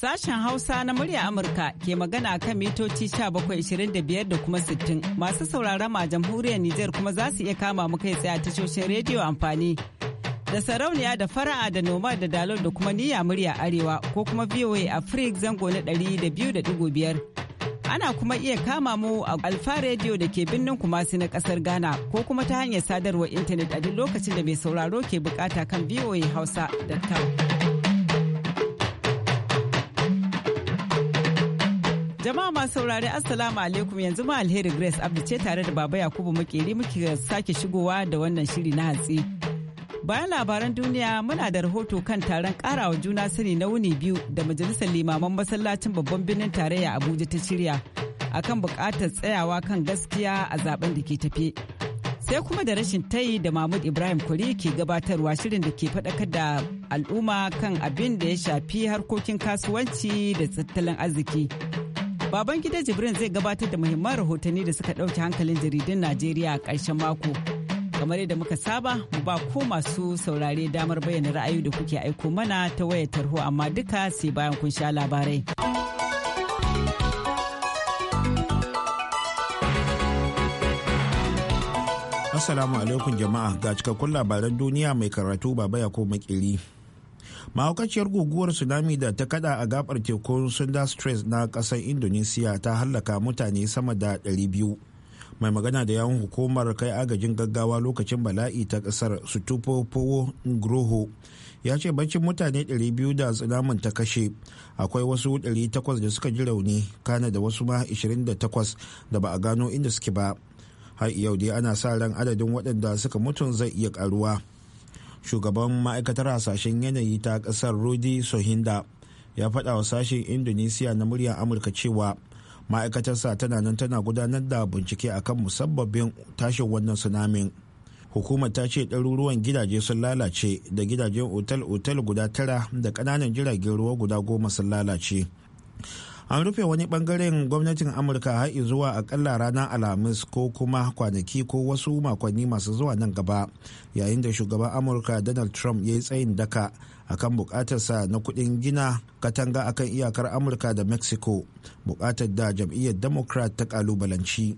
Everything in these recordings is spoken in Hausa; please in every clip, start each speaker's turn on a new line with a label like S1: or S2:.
S1: Sashen Hausa na murya Amurka ke magana kan mitoci 1725 da kuma 60 masu sauraron a jamhuriyar Nijar kuma za su iya kama mu kai tsaye a tashoshin rediyo amfani da sarauniya da fara'a da noma da dalol da kuma niyya murya arewa ko kuma VOA Africa zango na ɗari da da biyu biyar Ana kuma iya kama mu a Alfa Radio da ke birnin Kumasi na kasar Ghana ko kuma ta hanyar sadarwar intanet a duk lokacin da mai sauraro ke bukata kan Hausa voahausa.com. Jama'a masu saurari Assalamu alaikum yanzu ma alheri Grace Abdi ce tare da Baba Yakubu Makeri muke sake shigowa da wannan shiri na hatsi. Bayan labaran duniya muna da rahoto kan taron karawa juna sani na wuni biyu da majalisar limaman masallacin babban birnin tarayya Abuja ta shirya akan bukatar tsayawa kan gaskiya a zaben da ke tafe. Sai kuma da rashin tayi da Mahmud Ibrahim Kuri ke gabatarwa shirin da ke faɗakar da al'umma kan abin da ya shafi harkokin kasuwanci da tattalin arziki. Baban gida Jibrin zai gabatar da muhimman rahotanni da suka ɗauki hankalin jaridun Najeriya a ƙarshen mako. Kamar yadda muka saba, mu ba ko masu saurare damar bayyana ra'ayi da kuke aiko mana ta wayar tarho amma duka sai bayan kun sha labarai.
S2: Assalamu alaikum jama'a ga cikakkun labaran duniya mai karatu baba ya ko makili. mahaukaciyar guguwar tsunami da ta kada a gabar tekun sunda stress na kasar indonesia ta hallaka mutane sama da 200 mai magana da yawon hukumar kai agajin gaggawa lokacin bala'i ta kasar sutupo powo groho ya ce bacin mutane 200 da tsunamin ta kashe akwai wasu 800 da suka ji rauni kana da wasu ma 28 da ba a gano inda suke ba har yau dai ana sa ran adadin waɗanda suka mutun zai iya karuwa shugaban ma'aikatar hasashen yanayi ta kasar rudi sohinda ya faɗa wa sashen indonesiya na muryar amurka cewa ma'aikatarsa tana nan tana gudanar da bincike akan musabbabin tashin wannan tsunamin hukumar ta ce ɗaruruwan gidaje sun lalace da gidajen otal-otal guda tara da ƙananan jiragen ruwa guda goma sun lalace an rufe wani bangaren gwamnatin amurka har zuwa akalla ranar alhamis ko kuma kwanaki ko wasu makonni masu zuwa nan gaba yayin da shugaban amurka donald trump ya yi tsayin daka akan bukatarsa na kudin gina katanga akan iyakar amurka da mexico bukatar da jam'iyyar democrat ta kalubalanci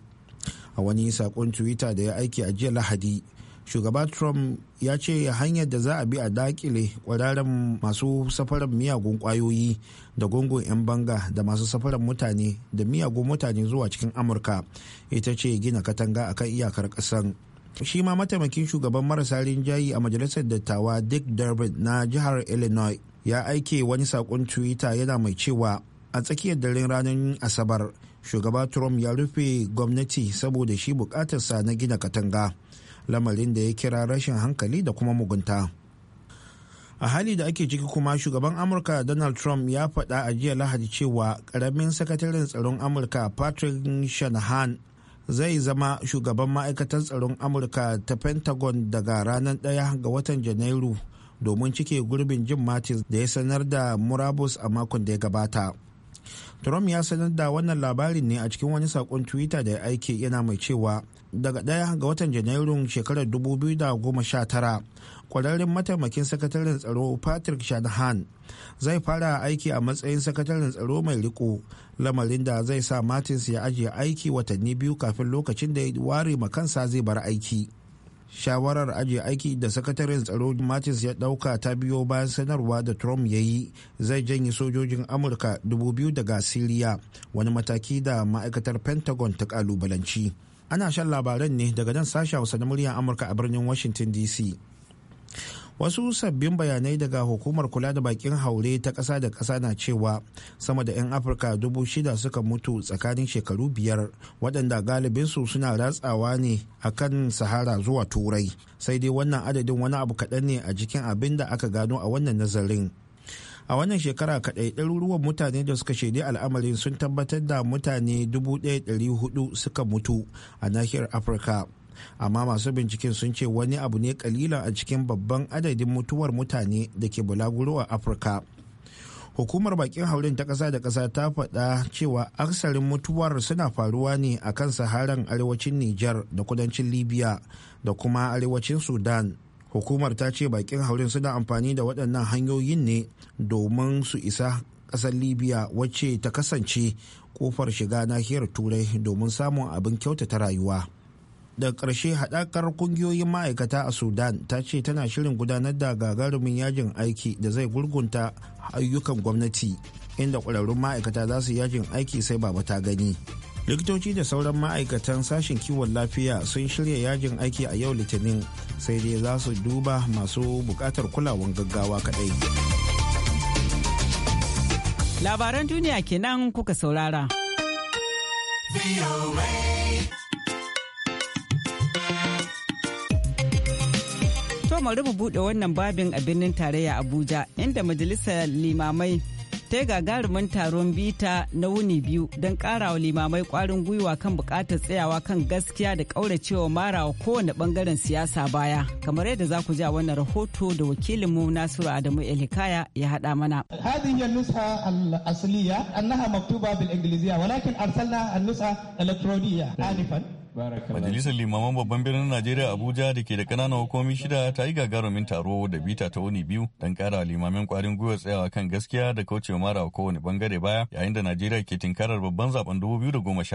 S2: a wani sakon twitter da ya aiki a jiya lahadi shugaba trump ya ce hanyar da za a bi a dakile kwararren masu safarar miyagun kwayoyi da gungun 'yan banga da masu safarar mutane da miyagun mutane zuwa cikin amurka ita ce gina katanga a akan iyakar kasan shi ma mataimakin shugaban marasa rinjayi a majalisar dattawa dick durbin na jihar illinois ya aike wani sakon twitter yana mai cewa a tsakiyar daren ranar asabar shugaba trump ya rufe gwamnati saboda shi bukatarsa na gina katanga lamarin da ya kira rashin hankali da kuma mugunta a hali da ake ciki kuma shugaban amurka donald trump ya faɗa a jiya lahadi cewa ƙaramin sakataren tsaron amurka patrick shanahan zai zama shugaban ma'aikatar tsaron amurka ta pentagon daga ranar 1 ga watan janairu domin cike gurbin jim martins da ya sanar da murabus a makon da ya gabata Trump ya sanar da wannan labarin ne a cikin wani sakon Twitter da ya aike yana mai cewa daga ɗaya ga watan Janairun shekarar 2019 kwararren mataimakin sakataren tsaro Patrick Shanahan zai fara aiki a matsayin sakataren tsaro mai riko lamarin da zai sa Martins ya ajiye aiki watanni biyu kafin lokacin da ya ware makansa zai bar aiki. shawarar ajiye aiki da sakataren tsaro mattis ya dauka ta biyo bayan sanarwa da trump ya yi zai janye sojojin amurka 2000 daga Syria wani mataki da ma'aikatar pentagon ta kalubalanci ana shan labaran ne daga nan sashen hausa na muryar amurka a birnin washington dc wasu sabbin bayanai daga hukumar kula da bakin haure ta ƙasa da ƙasa na cewa sama da 'yan afirka dubu shida suka mutu tsakanin shekaru biyar waɗanda galibinsu suna ratsawa ne a kan sahara zuwa turai sai dai wannan adadin wani abu kaɗan ne a jikin abin da aka gano a wannan nazarin a wannan shekara kaɗai ɗaruruwan mutane da suka shaidi al'amarin sun tabbatar da mutane 1,400 suka mutu a nahiyar afirka amma masu binciken sun ce wani abu ne kalila a cikin babban adadin mutuwar mutane da ke bulaguro a afirka hukumar bakin haurin ta kasa da kasa ta faɗa cewa aksarin mutuwar suna faruwa ne a kan saharan arewacin niger da kudancin libya da kuma arewacin sudan hukumar ta ce bakin haurin suna amfani da waɗannan hanyoyin ne domin su isa ƙasar libya wacce ta kasance kofar shiga nahiyar turai domin samun abin kyautata rayuwa. da ƙarshe haɗakar ƙungiyoyin ma'aikata a sudan ta ce tana shirin gudanar da gagarumin yajin aiki da zai gurgunta ayyukan gwamnati inda ƙwararrun ma'aikata za su yajin aiki sai ba ta gani likitoci da sauran ma'aikatan sashen kiwon lafiya sun shirya yajin aiki a yau litinin sai dai za su
S1: duba masu buƙatar kulawan gaggawa kaɗai labaran duniya kenan kuka saurara. To mu mu buɗe wannan babin a birnin tarayya Abuja inda majalisar limamai ta yi gagarumin taron bita na wuni biyu don karawa limamai kwarin gwiwa kan bukatar tsayawa kan gaskiya da kauracewa marawa kowane bangaren siyasa baya kamar yadda za ku ja wannan rahoto da wakilinmu nasiru adamu elikaya ya haɗa mana هذه
S3: النسخة الأصلية أنها مكتوبة walakin ولكن an النسخة
S4: Majalisar
S5: Limaman Babban Birnin Najeriya Abuja da ke da ƙananan hukumomi shida ta yi gagarumin taro da bita ta wani biyu don ƙara limamin ƙwarin gwiwa tsayawa kan gaskiya da kaucewa mara kowane bangare baya yayin da Najeriya ke tinkarar babban zaben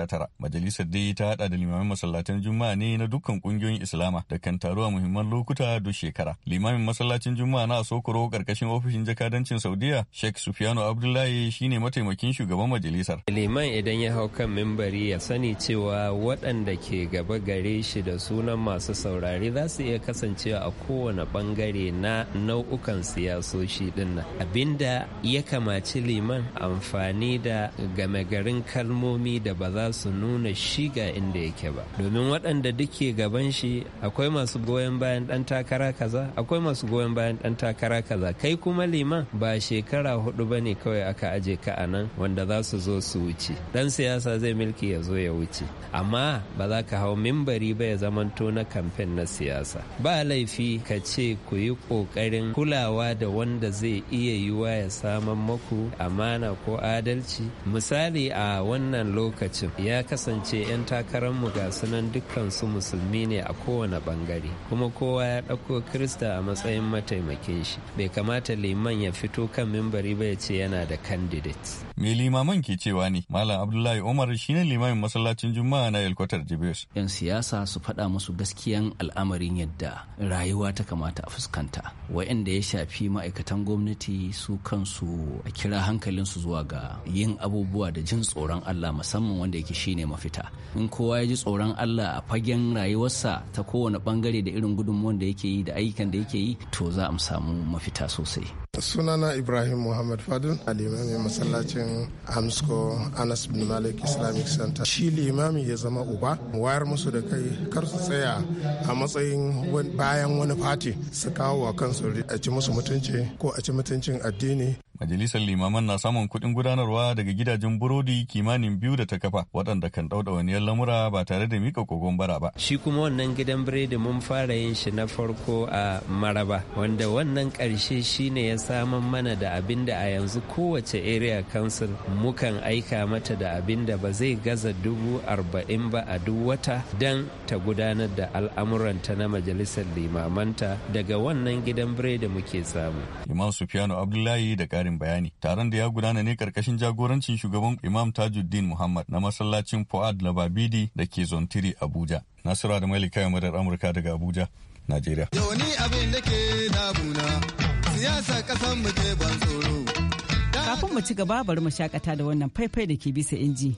S5: tara. Majalisar dai ta haɗa da limamin Masallacin Juma'a ne na dukkan ƙungiyoyin Islama da kan taro a muhimman lokuta duk shekara. Limamin masallacin Juma'a na Sokoro ƙarƙashin ofishin jakadancin Saudiya Sheikh Sufiyanu Abdullahi shine mataimakin shugaban majalisar.
S4: Liman idan ya hau kan mimbari ya sani cewa waɗanda ke gaba gare shi da sunan masu saurari za su iya kasancewa a kowane bangare na nau'ukan siyasoshi din abinda ya kamaci liman amfani da game garin kalmomi da ba za su nuna shiga inda yake ba domin waɗanda duke gaban shi akwai masu goyon bayan ɗan takara kaza akwai masu goyon bayan ɗan takara kaza kai kuma liman ba shekara hudu ba ne kawai aka aje ka a nan wanda za su zo su wuce ɗan siyasa zai milki ya zo ya wuce amma ba za za ka hau mimbari ba ya zamanto na kamfen na siyasa ba laifi ka ce ku yi ƙoƙarin kulawa da wanda zai iya yiwa ya saman maku amana ko adalci misali a wannan lokacin ya kasance 'yan takararmu ga sunan dukkan su musulmi ne a kowane bangare kuma kowa ya ɗauko krista a matsayin mataimakin shi bai kamata liman ya fito kan mimbari ba ya ce yana da candidate
S5: me limaman ke cewa ne malam abdullahi umar shine limamin masallacin juma'a na
S4: yalkwatar jibi 'yan siyasa su faɗa musu gaskiyan al'amarin yadda rayuwa ta kamata a fuskanta wa'anda ya shafi ma'aikatan gwamnati su kansu a kira hankalinsu zuwa ga yin abubuwa da jin tsoron allah musamman wanda yake shine mafita in kowa ya ji tsoron allah a fagen rayuwarsa ta kowane bangare da irin gudunmuwan da yake yi da ayyukan da yake yi to za a samu mafita sosai
S2: sunana ibrahim muhammad fadil a limamin masallacin amsco anas bin malik islamic center shi limami ya zama uba wayar musu da kai kar su tsaya a matsayin bayan wani fati su kawo wa kansu a ci musu mutunci ko a ci mutuncin addini
S5: Majalisar limaman na samun kuɗin gudanarwa daga gidajen burodi kimanin biyu da ta kafa waɗanda kan ɗauɗa waniyar lamura ba tare da mika kogon bara ba.
S4: Shi kuma wannan gidan biredi mun fara yin shi na farko a Maraba wanda wannan ƙarshe shine ya samun mana da abin da a yanzu kowace area council mukan aika mata da abin da ba zai gaza dubu arba'in ba a duk wata dan ta gudanar da al'amuranta na majalisar limamanta daga wannan gidan biredi muke samu.
S5: Imam Sufiyanu Abdullahi da karin bayani. Taron da ya gudana ne karkashin jagorancin shugaban Imam Tajuddin Muhammad na masallacin Fuad Lababidi da ke Zontiri Abuja. Nasura da Malika Madar Amurka daga Abuja, Najeriya. abin da ke damuna, siyasa mu ke ban tsoro.
S1: Kafin mu ci gaba bari mu shakata da wannan faifai da ke bisa inji.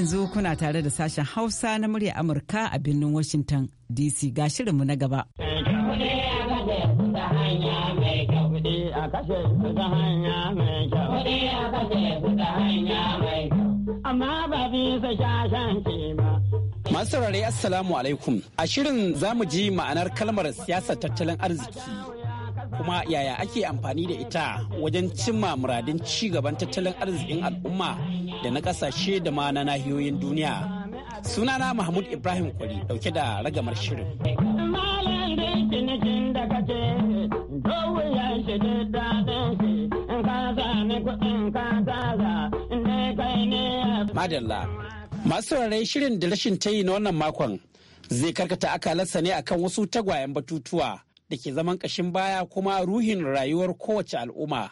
S1: yanzu kuna tare da sashen Hausa na murya Amurka a birnin Washington DC ga shirinmu na gaba.
S6: Masu saurare Assalamu alaikum. A shirin zamu ji ma'anar kalmar siyasar tattalin arziki. kuma yaya ake amfani da ita wajen cimma muradin ci gaban tattalin arzikin al'umma da na kasashe da ma na nahiyoyin duniya. Sunana Mahmud Ibrahim Kwari dauke da ragamar shirin. Madalla, masu rarrai shirin da rashin ta yi na wannan makon zai karkata akalarsa ne akan wasu tagwayen batutuwa da ke zaman kashin baya kuma ruhin rayuwar kowace al'umma.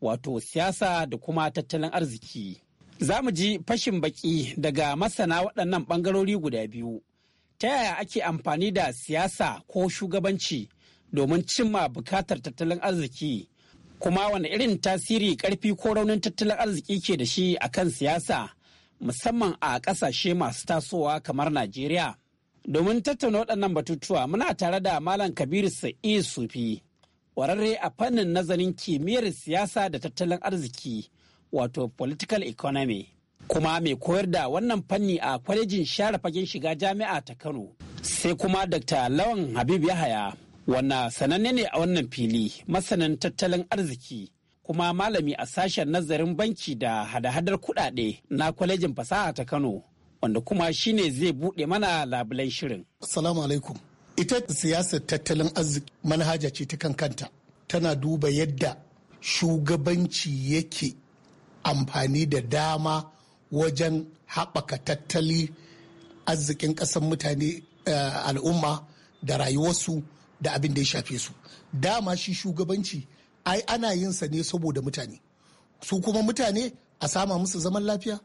S6: wato siyasa da kuma tattalin arziki. Za mu ji fashin baki daga masana waɗannan ɓangarori guda biyu. Ta yaya ake amfani da siyasa ko shugabanci domin cimma bukatar tattalin arziki? Kuma wani irin tasiri ƙarfi ko raunin tattalin arziki ke da shi a kan siyasa, musamman a ƙasashe masu tasowa kamar Najeriya? Domin tattauna waɗannan batutuwa muna tare da Malam Kabiru Sa'id Sufi. Kwararre a fannin nazarin kimiyyar siyasa da tattalin arziki wato political economy kuma mai koyar da wannan fanni a kwalejin share fagen shiga jami'a ta kano sai kuma dr lawan habib yahaya wanda sananne ne a wannan fili masanin tattalin arziki kuma malami a sashen nazarin banki da hada-hadar kudade na kwalejin fasaha ta kano wanda kuma
S3: shine zai buɗe mana labulen shirin. Assalamu alaikum. ita siyasar tattalin arziki manhaja ce ta kan kanta tana duba yadda shugabanci yake amfani da dama wajen haɓaka tattali arzikin ƙasar mutane eh, al'umma da rayuwarsu da abin da ya shafe su dama shi shugabanci ai ana yin sa ne saboda mutane su kuma mutane a sama musu zaman lafiya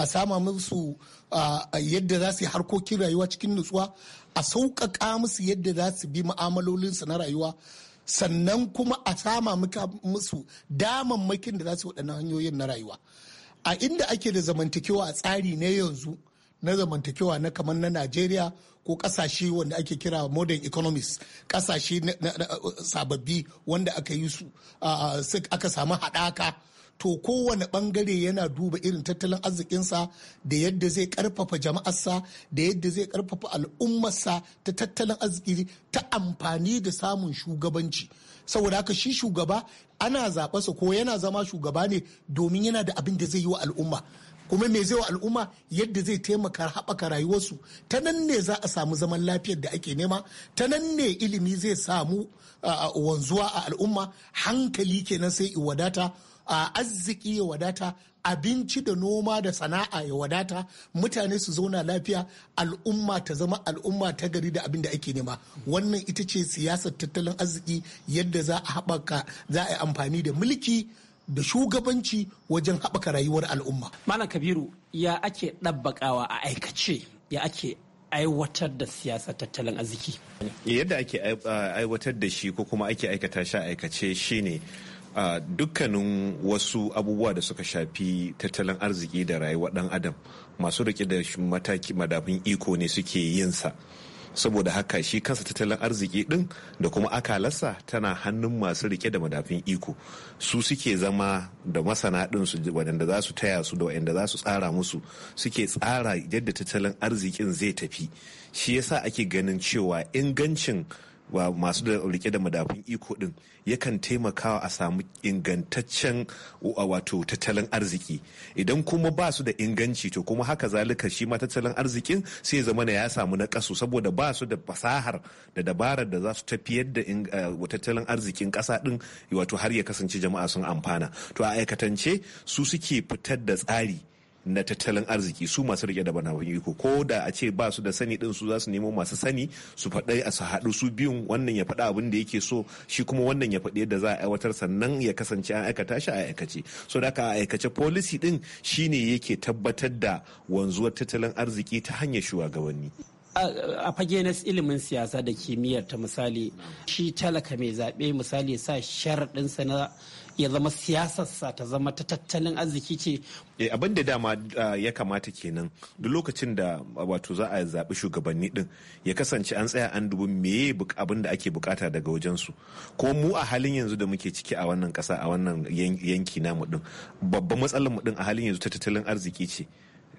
S3: a sama musu yadda za su yi harkokin rayuwa cikin nutsuwa a sauƙaƙa musu yadda za su bi ma'amalolinsu na rayuwa sannan kuma a sama musu damammakin da za su waɗannan hanyoyin na rayuwa a inda ake da zamantakewa a tsari na yanzu na zamantakewa na kamar na najeriya ko ƙasashe wanda ake kira modern economies ƙasashe sababbi wanda aka yi su aka samu haɗaka to kowane bangare yana duba irin tattalin arzikinsa da yadda zai karfafa jama'arsa da yadda zai karfafa al'ummarsa ta tattalin arziki ta amfani da samun shugabanci saboda haka shi shugaba ana zaɓarsa ko yana zama shugaba ne domin yana da abin da zai yi wa al'umma kuma me zai wa al'umma yadda zai taimaka haɓaka rayuwarsu ta nan ne za a samu zaman lafiyar da ake nema ta nan ne ilimi zai samu wanzuwa a al'umma hankali kenan sai i wadata a arziki ya wadata abinci da noma da sana'a ya wadata mutane su zauna lafiya al'umma ta zama al'umma ta gari da abin da ake nema wannan ita ce siyasar tattalin arziki yadda za a haɓaka za a yi amfani da mulki da shugabanci wajen haɓaka rayuwar al'umma.
S6: Malam Kabiru ya ake ɗabbakawa a aikace ya ake aiwatar da siyasar tattalin arziki.
S7: Yadda ake aiwatar da shi ko kuma ake aikata shi a aikace shine a dukkanin wasu abubuwa da suka shafi tattalin arziki da rayuwa dan adam masu rike da mataki madafin iko ne suke yin sa saboda haka shi kansa tattalin arziki din da kuma akalarsa tana hannun masu rike da madafin iko su suke zama da masana din su wadanda za su taya su da wadanda za su tsara musu suke tsara yadda tattalin arzikin zai tafi shi yasa ake ganin cewa ingancin masu da rike da madafun iko din yakan taimakawa a samu ingantaccen wato tattalin arziki idan kuma ba su da inganci to kuma haka zalika shi ma tattalin arzikin sai zama ya samu na kasu saboda ba su da fasahar da dabarar da za su tafiyar da eh, tattalin arzikin kasa din wato har ya kasance jama'a sun amfana to a aikatance su suke fitar da tsari na tattalin arziki su masu rike da bana iko ko da a ce ba su da sani din su za su nemo masu sani su faɗa a su haɗu su biyun wannan ya faɗa abin da yake so shi kuma wannan ya faɗi yadda za a aiwatar sannan ya kasance an aikata shi a aikace so da a aikace policy din shine yake tabbatar da wanzuwar tattalin arziki ta hanyar shugabanni
S6: a fage na ilimin siyasa da kimiyyar ta misali shi talaka mai zaɓe misali sa sharaɗinsa na ya zama siyasarsa ta zama ta
S7: tattalin arziki ce. Eh, abin da dama ah, ya kamata kenan duk lokacin da ah, wato za a zaɓi shugabanni din ya kasance an tsaya an dubi meye abin da ake bukata daga wajensu ko mu a halin yanzu da muke ciki a wannan kasa a wannan yanki mu din babban matsalar mu din a halin yanzu ta tattalin arziki ce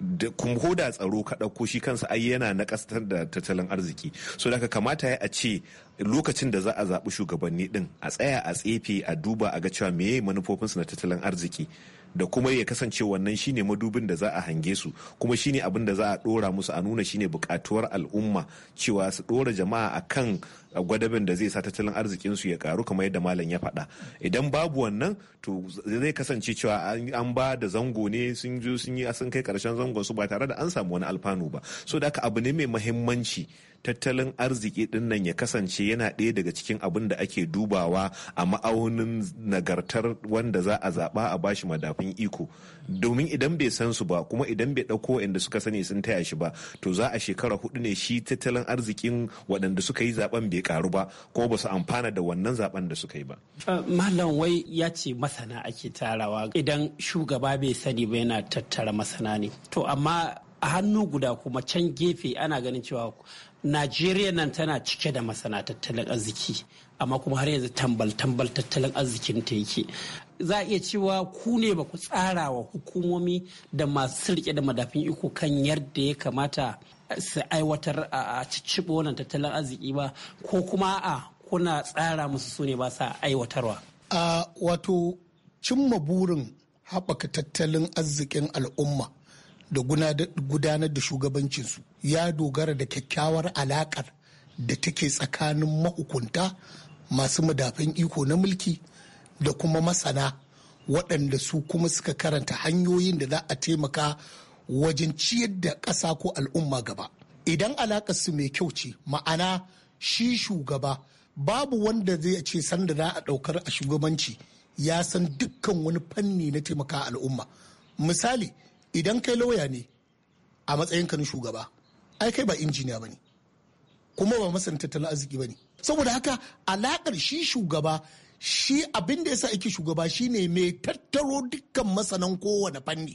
S7: da ko da tsaro ka ko shi kansa ai yana na da tattalin arziki so da kamata ya a ce lokacin da za a zaɓi shugabanni din a tsaya a tsefe a duba a ga cewa meye manufofinsu na tattalin arziki da kuma ya kasance wannan shine madubin da za a hange su kuma shine abin da za a dora musu a nuna shine bukatuwar al'umma cewa su dora jama'a akan gwadabin da zai sa tattalin arzikin su ya karu kamar yadda malam ya faɗa idan babu wannan to zai kasance cewa an ba da zango ne sun je sun yi sun kai karshen zangon su ba tare da an samu wani alfanu ba so da aka abu ne mai muhimmanci tattalin arziki din nan ya kasance yana ɗaya daga cikin abin da ake dubawa a ma'aunin nagartar wanda za a zaɓa a bashi madafin iko domin idan bai san su ba kuma idan bai ɗauko inda suka sani sun taya shi ba to za a shekara hudu ne shi tattalin arzikin waɗanda suka yi zaɓen bai karu ba ko ba su amfana da wannan zaɓen da suka yi ba.
S6: Uh, Malam wai ya ce masana ake tarawa idan shugaba bai sani ba yana tattara masana ne. To amma a hannu guda kuma can gefe ana ganin cewa najeriya nan tana cike da masana tattalin arziki amma kuma har yanzu tambal-tambal tattalin arzikin ta yake za a iya cewa ku ne ba ku tsara wa hukumomi da masu rike da madafin iko kan yadda ya kamata su aiwatar a cicciɓo wannan tattalin arziki ba ko kuma a kuna tsara musu su ne ba sa aiwatarwa
S3: a wato cimma burin haɓaka tattalin arzikin al'umma da gudanar da shugabancinsu ya dogara da kyakkyawar alakar da take tsakanin mahukunta masu madafin iko na mulki da kuma masana waɗanda su kuma suka karanta hanyoyin da za a taimaka wajen ciyar da ƙasa ko al'umma gaba idan alaƙar su mai kyau ce ma'ana shi shugaba babu wanda zai ce sanda za a ɗaukar a shugabanci ya san dukkan wani fanni na taimaka al'umma misali idan kai lauya ne a matsayinka na shugaba ai kai ba injiniya ba ne kuma ba masan tattalin arziki ba ne saboda haka alakar shi shugaba shi abin da ya yasa ake shugaba shi ne mai tattaro dukkan masanan kowane fanni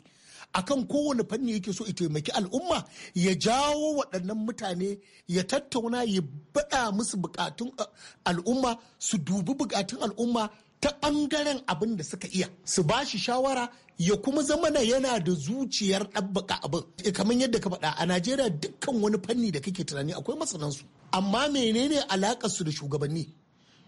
S3: akan kowane fanni yake so ita taimaki al'umma ya jawo waɗannan mutane ya tattauna ya baɗa musu bukatun uh, al'umma su dubi bukatun al'umma ta ɓangaren abin da suka iya su ba shi shawara ya kuma zama na yana da zuciyar ɗabbaka abin eh, kamar yadda ka faɗa a najeriya dukkan wani fanni da kake tunani akwai masanansu amma menene alakar su da shugabanni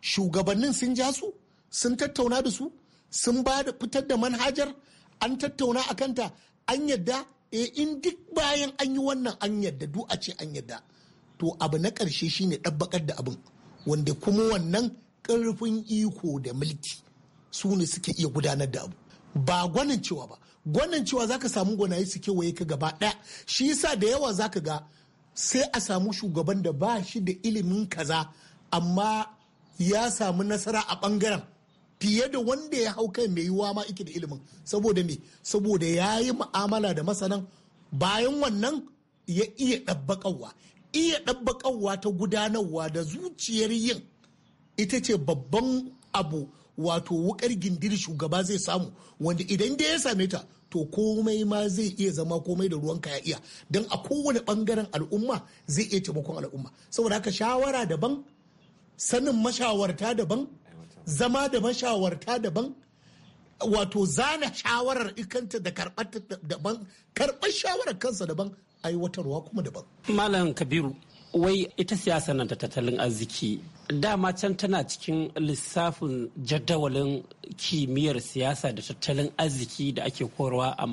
S3: shugabannin sun ja su sun tattauna da su sun ba da fitar da manhajar an tattauna a kanta an yadda e in duk bayan an yi wannan an yadda du a ce an yadda to abu na ƙarshe shine ɗabbakar da abin wanda kuma wannan ƙarfin iko da mulki su ne suke iya gudanar da abu ba gwanin cewa ba gwanin cewa zaka samu gwanaye su kewaye ka gaba ɗaya shi yasa da yawa zaka ga sai a samu shugaban da ba shi da ilimin kaza amma ya samu nasara a ɓangaren fiye da wanda ya hau kai mai yiwuwa ma ike da ilimin saboda me saboda ya yi mu'amala da masanan bayan wannan ya iya ɗabbaƙawa iya ɗabbaƙawa ta gudanarwa da zuciyar yin ita ce babban abu wato wukar gindiri shugaba zai samu wanda idan da ya same ta to komai ma zai iya zama komai da ruwan ya iya don a kowane bangaren al'umma zai iya taimakon al'umma saboda haka shawara daban sanin mashawarta daban zama da mashawarta daban wato zana shawarar ikanta da karɓar daban karɓar shawarar kansa daban aiwatarwa kuma daban
S6: malam kabiru wai ita siyasa nan da tattalin arziki dama can tana cikin lissafin jadawalin kimiyyar siyasa da tattalin arziki da ake korowa a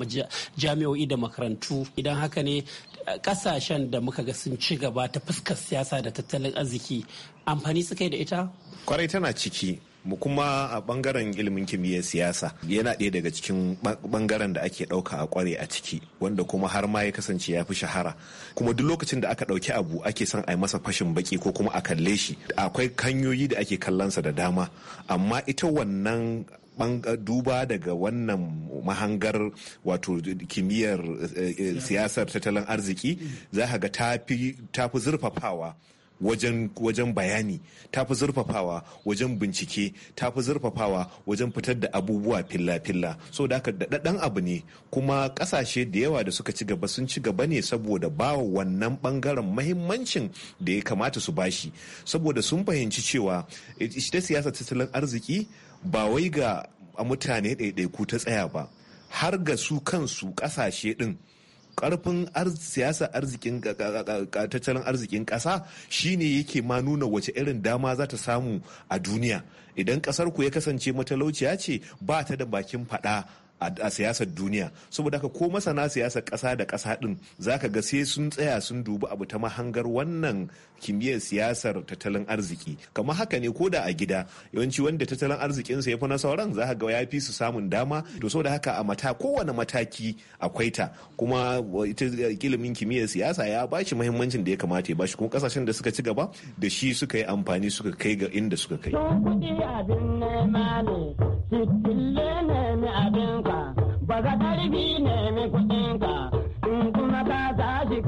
S6: jami'o'i da makarantu idan haka ne kasashen da muka ga sun ci gaba ta fuskar siyasa da tattalin arziki amfani suka yi da ita
S7: kwarai tana ciki mu kuma a bangaren ilimin kimiyyar siyasa yana ɗaya daga cikin bangaren da ake ɗauka a kware a ciki wanda kuma har ma ya kasance ya fi shahara kuma duk lokacin da aka ɗauki abu ake son a yi masa fashin baki ko kuma a kalle shi akwai hanyoyi da ake kallonsa da dama amma ita wannan duba daga wannan mahangar wato kimiyyar eh, eh, siyasar tattalin arziki za ka ga ta fi zurfafawa wajen wajen bayani ta fi zurfafawa wajen bincike ta fi zurfafawa wajen fitar da abubuwa filla-filla so da haka daɗaɗɗen abu ne kuma ƙasashe da yawa da suka ci gaba sun ci gaba ne saboda ba wannan ɓangaren mahimmancin da ya kamata su bashi saboda sun fahimci cewa eh, ita siyasa tattalin arziki ba wai ga mutane ɗaiɗaiku ta tsaya ba har ga su kansu ƙasashe ɗin karfin siyasa arzikin tattalin arzikin kasa shine yake ma nuna wace irin dama za ta samu a duniya idan kasar ku ya kasance matalauciya ce ba ta da bakin fada a siyasar duniya saboda haka ko masana siyasar kasa da ƙasa ɗin ka ga sai sun tsaya sun dubi abu ta mahangar wannan kimiyyar siyasar tattalin arziki kamar haka ne ko da a gida yawanci wanda tattalin arzikinsa ya fi na sauran za ka ga ya fi su samun dama to saboda haka a mata kowane mataki akwai ta kuma ita ilimin kimiyyar siyasa ya bashi muhimmancin da ya kamata ya bashi kuma kasashen da suka ci gaba da shi suka yi amfani suka kai ga inda suka kai.
S6: ka ƙarfi kuɗin ka in kuma ka tashi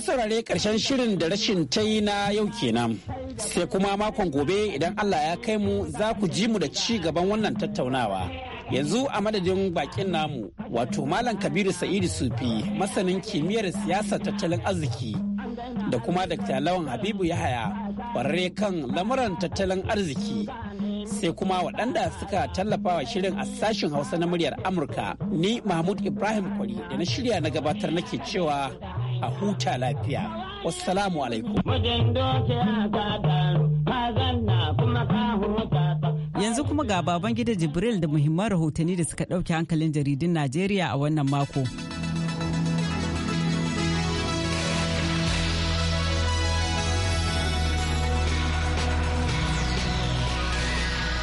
S6: saurare ƙarshen shirin da rashin ta yi na yau kenan. Sai kuma makon gobe idan Allah ya kai mu za ku ji mu da ci gaban wannan tattaunawa. yanzu a madadin bakin namu wato malam kabiru sa'idu sufi masanin kimiyyar siyasar tattalin arziki da kuma dr lawan habibu yahaya ƙwararre kan lamuran tattalin arziki sai kuma waɗanda suka tallafa wa shirin a sashen hausa na muryar amurka ni mahmud ibrahim kwari da na shirya na gabatar nake cewa a huta lafiya
S1: wassalamu alaikum yanzu kuma ga baban gida jibril da muhimman rahotanni da suka ɗauke hankalin jaridun najeriya a wannan mako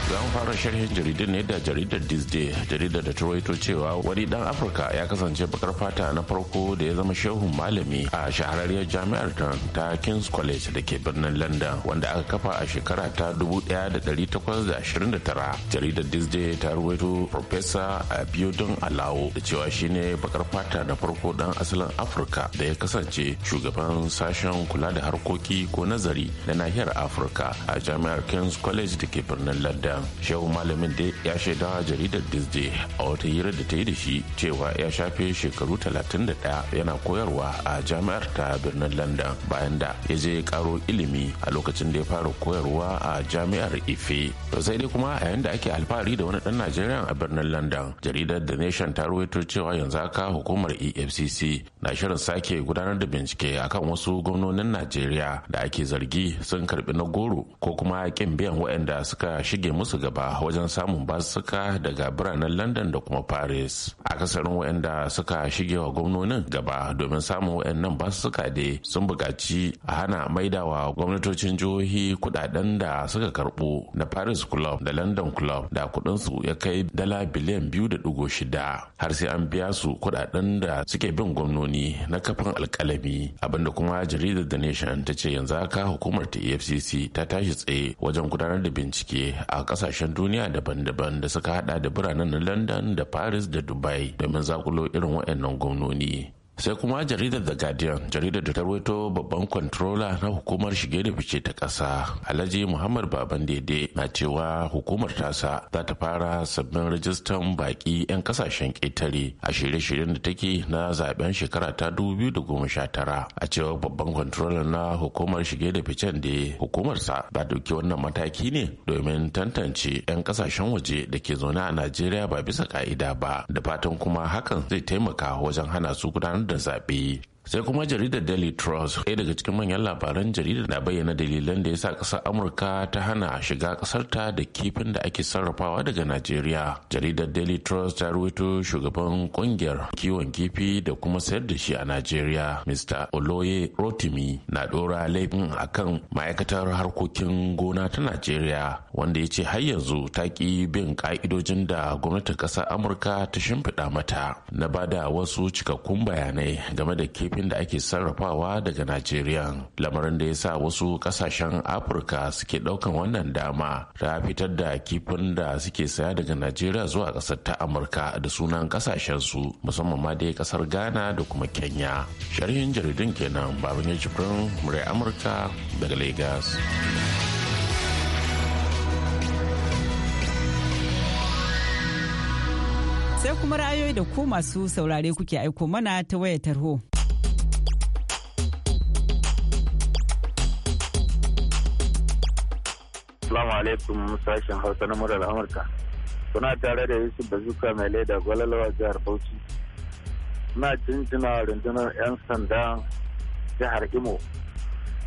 S8: za mu fara sharhin jaridar ne da jaridar disney jaridar da turaito cewa wani dan afirka ya kasance bakar fata na farko da ya zama shehun malami a shahararriyar jami'ar ta king's college da ke birnin london wanda aka kafa a shekara ta 1829 jaridar disney ta ruwaito professor abiodun alawo da cewa shine bakar fata na farko dan asalin afirka da ya kasance shugaban sashen kula da harkoki ko nazari na nahiyar afirka a jami'ar king's college da ke birnin london iran shehu malamin da ya shaida jaridar disney a wata hira da ta yi da shi cewa ya shafe shekaru 31 yana koyarwa a jami'ar ta birnin london bayan da ya je karo ilimi a lokacin da ya fara koyarwa a jami'ar ife to sai dai kuma a yayin da ake alfahari da wani dan najeriya a birnin london jaridar the nation ta rawaito cewa yanzu haka hukumar efcc na shirin sake gudanar da bincike akan wasu gwamnonin najeriya da ake zargi sun karbi na goro ko kuma kin biyan waɗanda suka shige musu su gaba wajen samun basuka daga biranen london da kuma paris akasarin waɗanda suka shige wa gwamnonin gaba domin samun waɗannan basuka da sun buƙaci a hana maidawa gwamnatocin jihohi kudaden da suka karɓo na paris club da london club da kuɗinsu ya kai dala biliyan biyu da dugo shida har sai an biya su kudaden da suke bin gwamnoni na kafin alkalami abinda kuma jaridar the nation ta ce yanzu haka hukumar ta efcc ta tashi tsaye wajen gudanar da bincike a kasashen duniya daban-daban da suka hada da biranen london da paris da dubai domin zakulo irin waɗannan gwamnoni sai kuma jaridar the guardian jaridar da ta rawaito babban kwantrola na hukumar shige da fice ta ƙasa alhaji muhammad baban daidai na cewa hukumar tasa za ta fara sabbin rajistan baki 'yan kasashen ketare a shirye-shiryen da take na zaben shekara ta 2019 a cewa babban kwantrola na hukumar shige da ficen da hukumar sa ba dauki wannan mataki ne domin tantance 'yan kasashen waje da ke zaune a najeriya ba bisa ka'ida ba da fatan kuma hakan zai taimaka wajen hana su gudanar does that be sai kuma jaridar daily trust ɗaya daga cikin manyan labaran jaridar na bayyana dalilan da ya sa ƙasar amurka ta hana shiga ƙasarta da kifin da ake sarrafawa daga najeriya jaridar daily trust ta ruwaito shugaban ƙungiyar kiwon kifi da kuma sayar da shi a najeriya mr oloye rotimi na ɗora laifin akan ma'aikatar harkokin gona ta najeriya wanda ya ce har yanzu ta ƙi bin ƙa'idojin da gwamnatin ƙasar amurka ta shimfiɗa mata na bada wasu cikakkun bayanai game da kifin kayayyakin da ake sarrafawa daga najeriya lamarin da ya sa wasu kasashen afirka suke daukan wannan dama ta fitar da kifin da suke saya daga najeriya zuwa kasar ta amurka da sunan kasashen su musamman ma dai kasar ghana da kuma kenya sharhin jaridun kenan baban ya jibrin murai amurka daga lagos
S1: sai kuma ra'ayoyi da ku masu saurare kuke aiko mana ta wayar tarho.
S2: Assalamu alaikum
S3: sashen Hausa na murar Amurka. Kuna tare da Yusuf Bazuka mai leda gwalalawa jihar Bauchi. na jinjina rundunar 'yan sanda jihar Imo.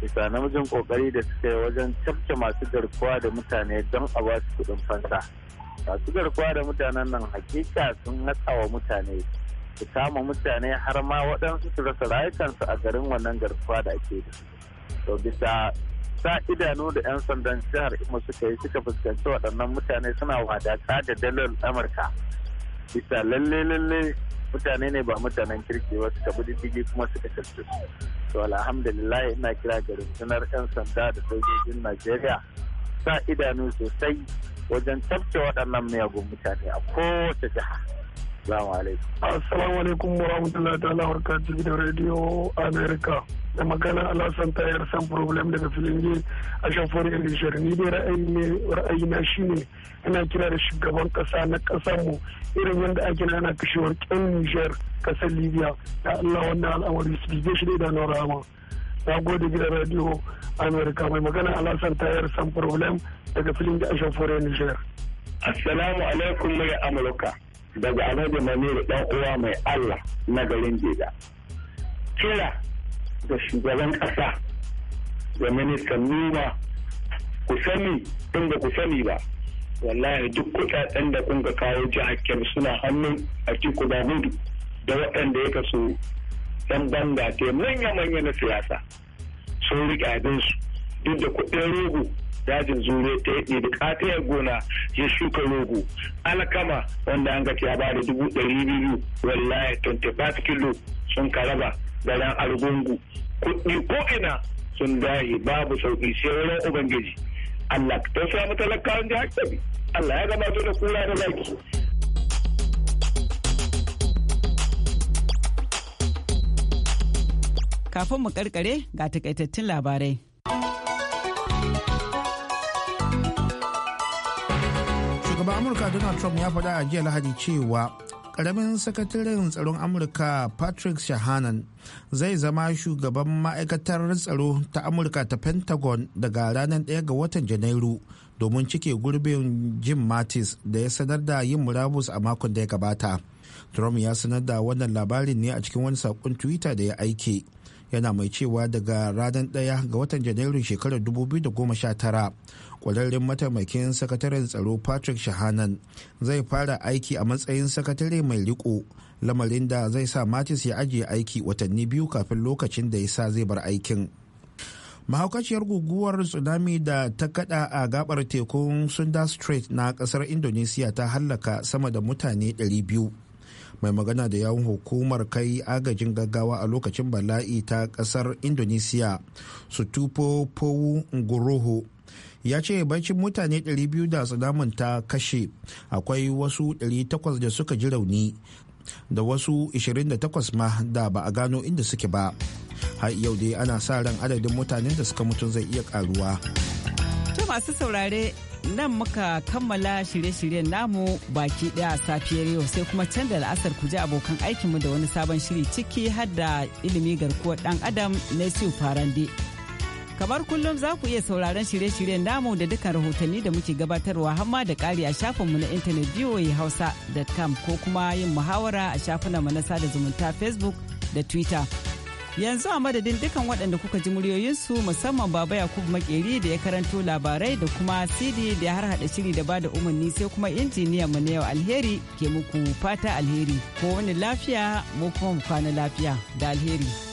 S3: Bisa namijin kokari da suka yi wajen cafke masu garkuwa da mutane don a ba su kuɗin fansa. Masu garkuwa da mutanen nan hakika sun hatsa wa mutane su kama mutane har ma waɗansu su rasa rayukansu a garin wannan garkuwa da ake da To bisa sa idanu da 'yan sandan jihar Imo suka yi suka fuskanci waɗannan mutane suna wadata da dalar Amurka. Bisa lalle lalle mutane ne ba mutanen kirki ba suka bi diddigi kuma suka tafi. To alhamdulillah ina kira ga rundunar 'yan sanda da sojojin Najeriya sa idanu sosai wajen tafke waɗannan miyagun mutane a kowace jiha. Assalamu alaikum. Assalamu alaikum wa rahmatullahi ta'ala wa barakatuhu da Radio America. Da magana Alhassan Tayar san problem daga filin Filinge a shafar Niger. Ni dai ra'ayi ne ra'ayi na shine ina kira da shugaban kasa na kasar mu irin yadda ake ana kashewar kyan Niger kasar Libya da Allah wannan al'amari su dige shi da na rama. Na gode gidan Radio America mai magana Alhassan Tayar san problem daga filin Filinge a shafar Niger. Assalamu alaikum mai Amurka. daga alhaji maniru dan uwa mai allah na garin jega kira da shugaban ƙasa da ministan noma ku sani tun ba ku sani ba wallahi duk kuɗaɗen da kun ga kawo jihar hakkin suna hannun a cikin da hudu da waɗanda ya kaso yan banga ke manya-manya na siyasa sun riƙe abinsu duk da kuɗin rogo dajin zure ta yi katayar gona ya shuka rogo alkama wanda an gaci ya ba da dubu ɗari biyu wallahi 25 kilo sun karaba garin argungu kuɗi ko ina sun dahi babu sauƙi sai wurin ubangiji Allah ta samu talakawan jihar Allah ya gabato da kura da zaki
S1: kafin mu karkare ga takaitattun labarai.
S2: amurka donald trump ya faɗa a jiya lahadi cewa karamin sakataren tsaron amurka patrick shahanan zai zama shugaban ma'aikatar tsaro ta amurka ta pentagon daga ranar 1 ga watan janairu domin cike gurbin jim mattis da ya sanar da yin murabus a makon da ya gabata trump ya sanar da wannan labarin ne a cikin wani saƙon twitter da ya aike yana mai cewa daga ranar ɗaya ga watan janairun shekarar 2019 kwararren mataimakin sakataren tsaro patrick shahanan zai fara aiki a matsayin sakatare mai riko lamarin da zai sa matis ya ajiye aiki watanni biyu kafin lokacin da ya sa zai bar aikin mahaukaciyar guguwar tsunami da ta kada a gabar tekun sunda strait na kasar indonesia ta hallaka sama da mutane 200 mai magana da yawun hukumar kai agajin gaggawa a lokacin bala'i ta kasar indonesiya Sutupo powu nguruhu ya ce bacin mutane 200 da tsunamin ta kashe akwai wasu 800 da suka ji rauni da wasu 28 ma da ba a gano inda suke ba har yau dai ana sa ran adadin mutanen da suka mutu zai iya karuwa.
S1: To masu saurare nan muka kammala shirye-shiryen namu baki daya safiyar yau sai kuma canza la'asar ku ji abokan aikinmu da wani sabon shiri ciki har da ilimi garkuwar dan adam na su farande kamar kullum za ku iya sauraron shirye-shiryen namu da dukkan rahotanni da muke gabatarwa hamma da kari a shafinmu na intanet hausa.com ko kuma yin muhawara a shafinanmu na sada zumunta facebook da twitter yanzu a madadin dukan waɗanda kuka ji muryoyinsu musamman baba yakub makeri da ya karanto labarai da kuma cd da ya harhaɗa shiri da bada umarni sai kuma injiniyan mu na yau alheri ke muku fata alheri ko wani lafiya mu kuma mu kwana lafiya da alheri.